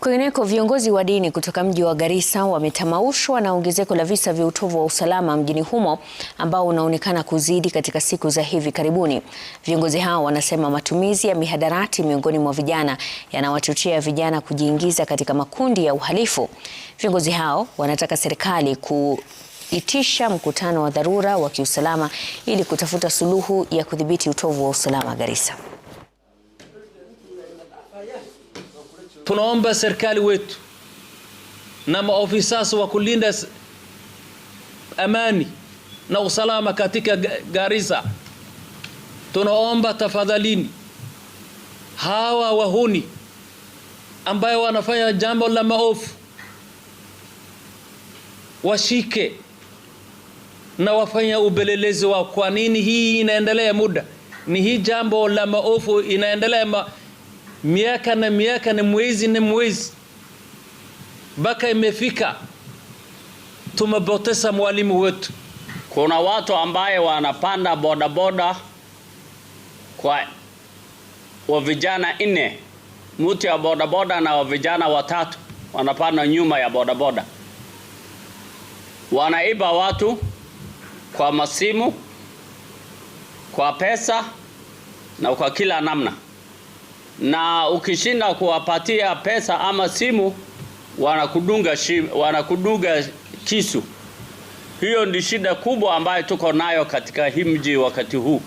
Kwingineko, viongozi wa dini kutoka mji wa Garissa wametamaushwa na ongezeko la visa vya utovu wa usalama mjini humo ambao unaonekana kuzidi katika siku za hivi karibuni. Viongozi hao wanasema matumizi ya mihadarati miongoni mwa vijana yanawachochea vijana kujiingiza katika makundi ya uhalifu. Viongozi hao wanataka serikali kuitisha mkutano wa dharura wa kiusalama ili kutafuta suluhu ya kudhibiti utovu wa usalama Garissa tunaomba serikali wetu na maofisa wa kulinda amani na usalama katika Garissa, tunaomba tafadhalini, hawa wahuni ambayo wanafanya jambo la maofu washike na wafanya ubelelezi wao. Kwa nini hii inaendelea muda? Ni hii jambo la maofu inaendelea ma miaka na miaka na mwezi na mwezi mpaka imefika tumepoteza mwalimu wetu. Kuna watu ambaye wanapanda bodaboda kwa wa vijana nne, mtu ya bodaboda na wa vijana watatu wanapanda nyuma ya bodaboda, wanaiba watu kwa masimu, kwa pesa na kwa kila namna na ukishinda kuwapatia pesa ama simu wanakudunga, shi, wanakudunga kisu. Hiyo ni shida kubwa ambayo tuko nayo katika hii mji wakati huu.